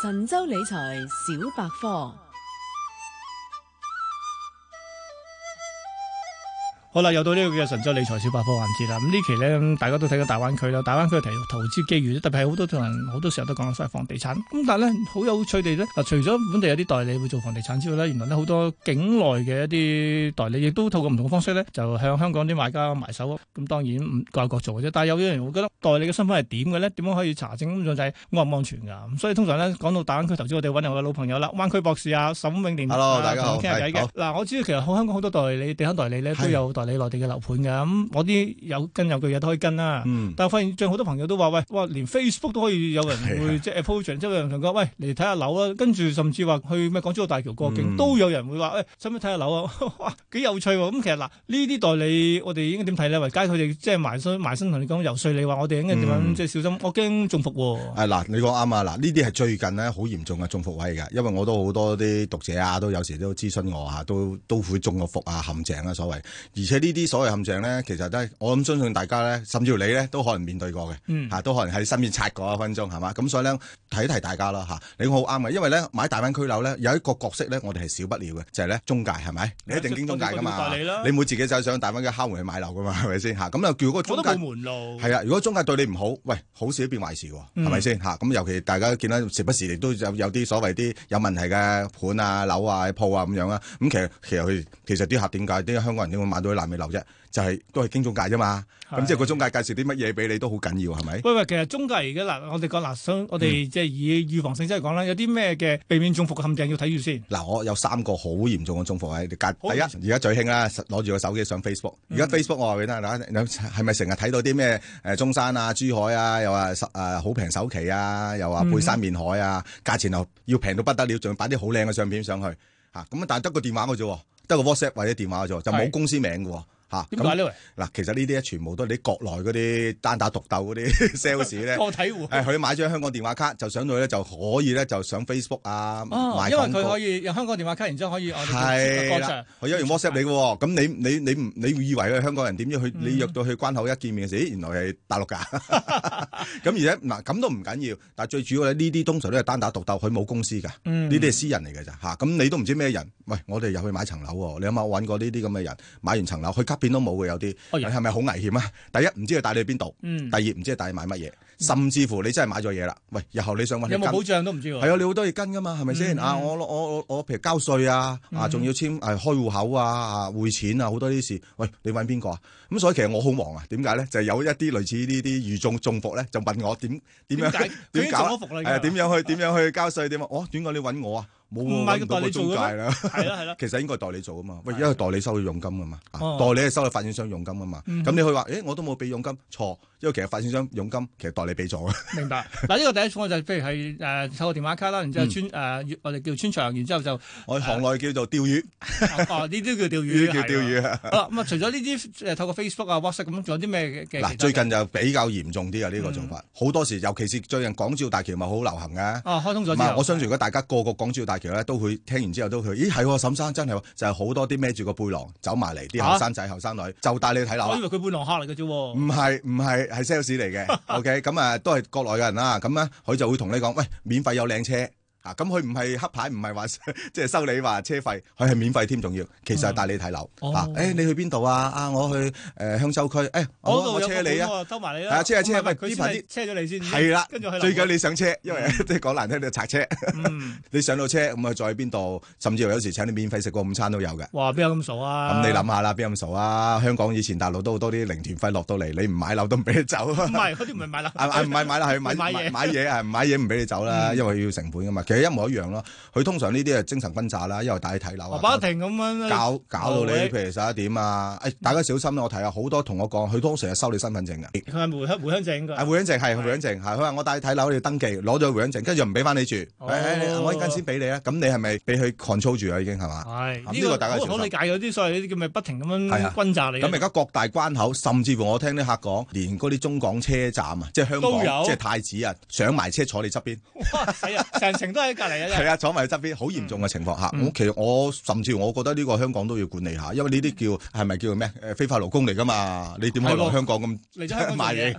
神州理財小百科。好啦，又到呢個嘅神州理財小百科環節啦。咁呢期咧，大家都睇緊大灣區啦，大灣區嘅投投資機遇特別係好多啲人好多時候都講緊所謂房地產。咁但係咧，好有趣地咧，除咗本地有啲代理會做房地產之外咧，原來咧，好多境內嘅一啲代理亦都透過唔同嘅方式咧，就向香港啲買家埋手。咁當然唔各有各做嘅啫。但係有啲人會覺得代理嘅身份係點嘅咧？點樣可以查證咁樣就係安唔安全噶？咁所以通常咧，講到大灣區投資，我哋揾我嘅老朋友啦，灣區博士阿、啊、沈永年、啊。Hello，大家好。好 hello, 是。嗱，我知其實香港好多代理地產代理咧都有。代理內地嘅樓盤嘅咁、嗯，我啲有跟有據嘅都可以跟啦、啊。嗯、但係發現，即好多朋友都話：喂，哇，連 Facebook 都可以有人會是、啊、即係 approach，即係有人同佢講：喂，嚟睇下樓啦。跟住甚至話去咩港珠澳大橋過境，嗯、都有人會話：誒，使唔使睇下樓啊？哇，幾有趣喎、啊！咁、嗯、其實嗱，呢啲代理，我哋應該點睇咧？因為佢哋即係埋身埋身同你講遊説，你話我哋應該點樣即係小心？嗯、我驚中伏喎、啊。嗱、啊，你講啱啊！嗱，呢啲係最近呢好嚴重嘅中伏位㗎，因為我都好多啲讀者啊，都有時都諮詢我啊，都都，都會中個伏啊陷阱啊所謂而且呢啲所謂陷阱咧，其實都係我諗相信大家咧，甚至乎你咧都可能面對過嘅，嚇、嗯、都可能喺身邊拆過一分鐘，係嘛？咁所以咧，提一提大家咯嚇，你講好啱嘅，因為咧買大灣區樓咧有一個角色咧，我哋係少不了嘅，就係、是、咧中介係咪？嗯、你一定經中介㗎嘛？嗯嗯、你冇自己就上大灣區敲門去買樓㗎嘛？係咪先嚇？咁就叫個中介。係啊，如果中介對你唔好，喂，好事變壞事喎、啊，係咪先嚇？咁、嗯、尤其大家見到時不時亦都有有啲所謂啲有問題嘅盤啊、樓啊、鋪啊咁樣啦。咁、啊啊啊啊、其實其實佢其實啲客點解啲香港人點會買到？難未留啫，就係、是、都係經中介啫嘛。咁是即係個中介介紹啲乜嘢俾你都好緊要，係咪？喂喂，其實中介而家嗱，我哋講嗱，想我哋即係以預防性質嚟講咧，嗯、有啲咩嘅避免中伏嘅陷阱要睇住先。嗱，我有三個好嚴重嘅中伏喺啲介。第一，而家最興啦，攞住個手機上 Facebook。而家 Facebook 我話你聽，嗱，係咪成日睇到啲咩？誒，中山啊，珠海啊，又話誒好平首期啊，又話背山面海啊，價錢又要平到不得了，仲要擺啲好靚嘅相片上去吓。咁啊，但係得個電話嘅啫。得個 WhatsApp 或者電話啫，就冇公司名嘅。嗱，啊、其實呢啲咧全部都係你國內嗰啲單打獨鬥嗰啲 sales 咧，個體戶誒，佢、啊、買張香港電話卡就上去咧，就可以咧就上 Facebook 啊，買廣告，啊，因為佢可以用香港電話卡，然之後可以 w h a t s a 佢可以用 WhatsApp 你嘅喎。咁你你你，你，你以為香港人點樣去？你約到去關口一見面嘅時，原來係大陸㗎。咁 而且嗱，咁都唔緊要。但係最主要咧，呢啲通常都係單打獨鬥，佢冇公司㗎。呢啲係私人嚟嘅咋嚇。咁、啊、你都唔知咩人？喂，我哋又去買層樓，你有冇揾過呢啲咁嘅人？買完層樓去變都冇嘅，有啲係咪好危險啊？第一唔知佢帶你去邊度，第二唔知佢帶你買乜嘢，甚至乎你真係買咗嘢啦。喂，日後你想揾有冇保障都唔知喎。係啊，你好多嘢跟㗎嘛，係咪先啊？我我我譬如交稅啊，啊，仲要簽誒開戶口啊、匯錢啊，好多呢啲事。喂，你揾邊個啊？咁所以其實我好忙啊。點解咧？就有一啲類似呢啲遇中中伏咧，就問我點點樣點搞？誒，點樣去點樣去交稅？點啊？哦，點解你揾我啊？唔係佢代理做嘅，係啦，係啦，其實應該代理做啊嘛。喂，因為代理收佢佣金啊嘛，代理係收佢發展商佣金啊嘛。咁你佢話，誒我都冇俾佣金，錯，因為其實發展商佣金其實代理俾咗。明白嗱，呢個第一我就譬如係誒透過電話卡啦，然之後穿誒我哋叫穿牆，然之後就我行內叫做釣魚。呢啲叫釣魚，呢啲叫釣魚咁啊，除咗呢啲透過 Facebook 啊、WhatsApp 咁，仲有啲咩嘅？嗱，最近就比較嚴重啲啊，呢個做法好多時，尤其是最近港珠澳大橋咪好流行嘅。哦，開通咗我相信如果大家個個港珠澳大佢咧都會聽完之後都會，咦係，沈生真係就係、是、好多啲孭住個背囊走埋嚟啲後生仔後生女，就帶你去睇樓。因為佢背囊客嚟嘅啫，唔係唔係係 sales 嚟嘅。 OK，咁、嗯、啊都係國內嘅人啦。咁咧佢就會同你講，喂，免費有靚車。啊，咁佢唔係黑牌，唔係話即係收你話車費，佢係免費添，仲要其實係帶你睇樓。嗯、啊，誒，你去邊度啊？啊，我去誒、呃、香洲區。誒，我我車你啊，收埋你啦。車下排啲車咗你先。係啦、啊，跟住最緊你上車，因為即係、嗯、講難聽啲，拆車。 你上到車，咁啊，再去邊度？甚至乎有時請你免費食個午餐都有嘅。哇，邊有咁傻啊？咁、啊、你諗下啦，邊咁傻啊？香港以前大陸都好多啲零團費落到嚟，你唔買樓都唔俾你走。唔係，嗰啲唔係買樓。唔係買樓係買嘢，買嘢唔俾你走啦，因為要成本噶嘛。其實一模一樣咯，佢通常呢啲係精神轟炸啦，因為帶你睇樓，不停咁樣搞搞到你，譬如十一點啊，誒大家小心啦！我睇下好多同我講，佢通常係收你身份證嘅，係咪回鄉回鄉證㗎？啊，回鄉證係回鄉證，佢話，我帶你睇樓，你要登記，攞咗回鄉證，跟住唔俾翻你住，誒我依間先俾你啊，咁你係咪俾佢 control 住啊已經係嘛？係，呢個大家好理解嗰啲所謂啲叫咩，不停咁樣轟炸你。咁而家各大關口，甚至乎我聽啲客講，連嗰啲中港車站啊，即係香港，即係太子啊，上埋車坐你側邊，哇啊成喺隔籬啊！係啊，坐埋側邊，好嚴重嘅情況吓。咁、嗯、其實我甚至我覺得呢個香港都要管理下，因為呢啲叫係咪叫咩？誒，非法勞工嚟噶嘛？你點可以嚟香港咁嚟咗香港賣、就、嘢、是？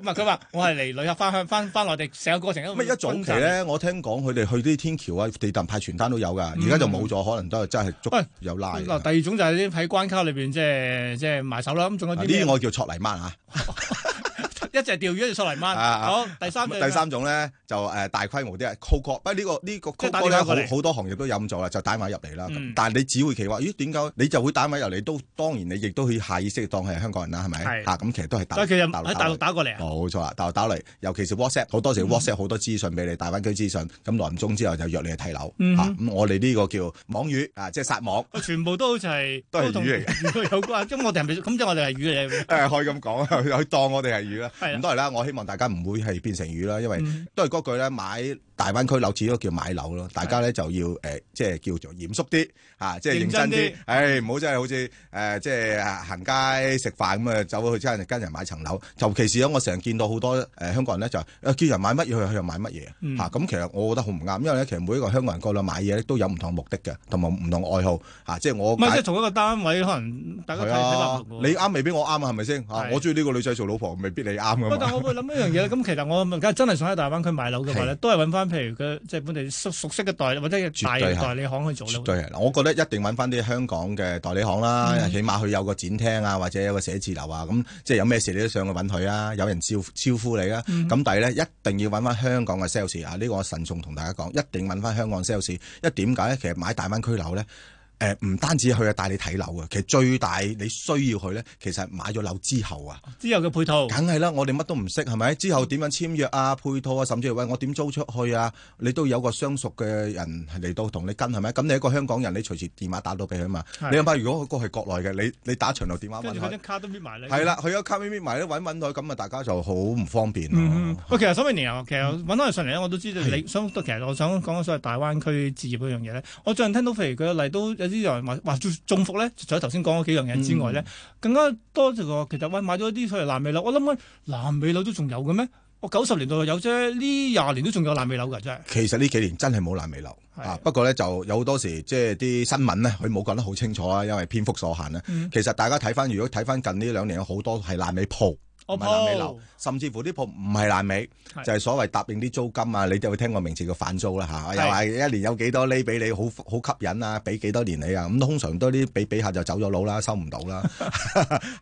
唔係佢話我係嚟旅客返鄉，翻翻內地成個過程都咩？而家早期咧，我聽講佢哋去啲天橋啊、地攤派傳單都有噶，而家就冇咗，可能都係真係捉，嗯哎、有拉。嗱，第二種就係啲喺關卡裏邊，即係即係埋手啦。咁仲有啲呢啲，啊、我叫撮泥媽吓。 一隻釣魚一隻十零萬。好，第三種咧就誒大規模啲啊 cold call，呢個呢個 cold call 咧，好好多行業都有咗做啦，就打埋入嚟啦。但係你只會奇怪，咦點解你就會打埋入嚟？都當然你亦都可以下意識當係香港人啦，係咪？嚇咁其實都係。但係其實喺大陸打過嚟啊。冇錯啦，大陸打嚟，尤其是 WhatsApp，好多時 WhatsApp 好多資訊俾你，大灣區資訊咁，臨終之後就約你去睇樓嚇。咁我哋呢個叫網魚啊，即係殺網。全部都好似係都係魚嚟嘅，有關。因我哋係咁即我哋係魚嚟。誒可以咁講，佢當我哋係魚啦。咁當然啦，我希望大家唔會係變成魚啦，因為都係嗰句咧，買大灣區樓始終都叫買樓咯。大家咧就要誒，即係叫做嚴肅啲嚇，即係認真啲。誒唔好真係好似誒，即係行街食飯咁啊，走去即係跟人買層樓。尤其是我成日見到好多誒香港人咧就叫人買乜嘢，佢又買乜嘢。咁其實我覺得好唔啱，因為咧其實每一個香港人過度買嘢都有唔同目的嘅，同埋唔同愛好。即係我唔係即係同一個單位，可能大家睇睇，你啱未必我啱啊，係咪先？我中意呢個女仔做老婆，未必你啱。唔，但我會諗一樣嘢，咁其實我梗係真係想喺大灣區買樓嘅話咧，是都係揾翻譬如佢即係本地熟熟悉嘅代理或者大代理行去做咯。絕對是我覺得一定揾翻啲香港嘅代理行啦。嗯、起碼佢有個展廳啊，或者有個寫字樓啊，咁即係有咩事你都上去揾佢啊，有人招呼招呼你啊。咁、嗯、但係咧，一定要揾翻香港嘅 sales 啊。呢、呢個我慎重同大家講，一定揾翻香港 sales。一點解咧？其實買大灣區樓咧。誒唔、呃、單止去啊帶你睇樓啊，其實最大你需要去咧，其實買咗樓之後啊，之後嘅配套，梗係啦，我哋乜都唔識係咪？之後點樣簽約啊、配套啊，甚至係喂我點租出去啊，你都有個相熟嘅人嚟到同你跟係咪？咁你一個香港人，你隨時電話打到俾佢啊嘛。是你諗下，如果嗰個係國內嘅，你你打長途電話，跟住張卡都搣埋咧，係啦，佢有卡搣搣埋咧揾揾佢，咁啊大家就好唔方便。喂、嗯， 其實所問你啊，嗯、其實揾翻佢上嚟我都知道、嗯、你想。其實我想講嘅所謂大灣區置業嗰樣嘢咧，的我最近聽到譬如佢個例都。啲人話話中中伏咧，除咗頭先講嗰幾樣嘢之外咧，嗯、更加多就話其實喂買咗啲所謂爛尾樓，我諗緊爛尾樓都仲有嘅咩？我九十年代有啫，呢廿年都仲有爛尾樓㗎，啫。其實呢幾年真係冇爛尾樓啊，是的 不過咧就有好多時即係啲新聞咧，佢冇講得好清楚啦，因為篇幅所限咧。嗯、其實大家睇翻，如果睇翻近呢兩年有好多係爛尾鋪。甚至乎啲鋪唔係爛尾，是就係所謂答應啲租金啊！你都會聽過名詞叫反租啦？嚇，又話一年有幾多厘俾你，好好吸引啊！俾幾多年你啊？咁通常都啲俾俾下就走咗佬啦，收唔到啦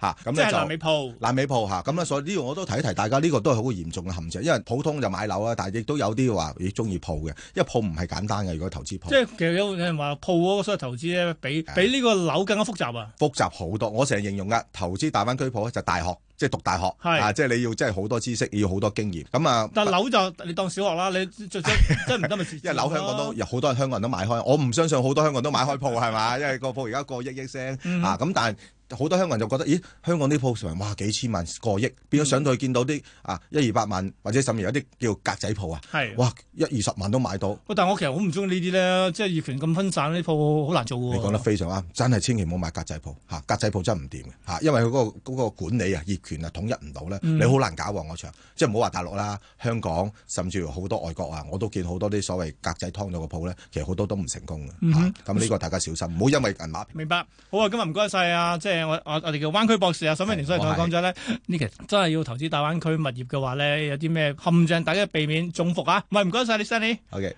嚇。即係爛尾鋪，爛尾鋪嚇。咁咧，所以呢個我都提一提，大家呢、這個都係好嚴重嘅陷阱。因為普通就買樓啦，但係亦都有啲話，你中意鋪嘅，因為鋪唔係簡單嘅。如果投資鋪，即係其實有人話鋪嗰個所謂投資咧，比比呢個樓更加複雜啊！複雜好多。我成日形容嘅投資大灣區鋪就大學。即係讀大學，係是啊！即、就、係、是、你要，即係好多知識，要好多經驗。咁、嗯、啊，但係樓就你當小學啦，你即係唔得咪住。因為樓香港都有好 多人香港人都買開，我唔相信好多香港人都買開鋪係嘛？因為個鋪而家過億億聲、嗯、哼啊，咁但係。好多香港人就覺得，咦？香港啲鋪哇幾千萬過億，變咗上到去見到啲、嗯、啊一二百萬，或者甚至有啲叫格仔鋪啊，係哇一二十萬都買到。但係我其實好唔中意呢啲咧，即係業權咁分散，呢鋪好難做㗎。你講得非常啱，真係千祈唔好買格仔鋪嚇，格仔鋪真係唔掂嘅嚇，因為佢、嗰、嗰、個嗰個嗰個管理啊，業權啊統一唔到咧，你好難搞旺個場。嗯、即係唔好話大陸啦、香港，甚至好多外國啊，我都見好多啲所謂格仔劏咗個鋪咧，其實好多都唔成功嘅。咁呢個大家小心，唔好因為銀碼。明白，好謝謝啊，今日唔該晒啊，即、啊、係。啊啊啊啊啊啊我我哋叫灣區博士啊，沈永年先生講咗咧，呢其實真係要投資大灣區物業嘅話咧，有啲咩陷阱，大家避免中伏啊！唔係，唔該晒，你，Sunny。好嘅。